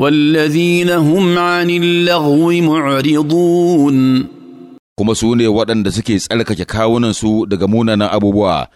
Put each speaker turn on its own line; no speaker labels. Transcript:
والذين هم عن اللغو معرضون kuma sune waɗanda suke tsarkake kawunansu daga munanan abubuwa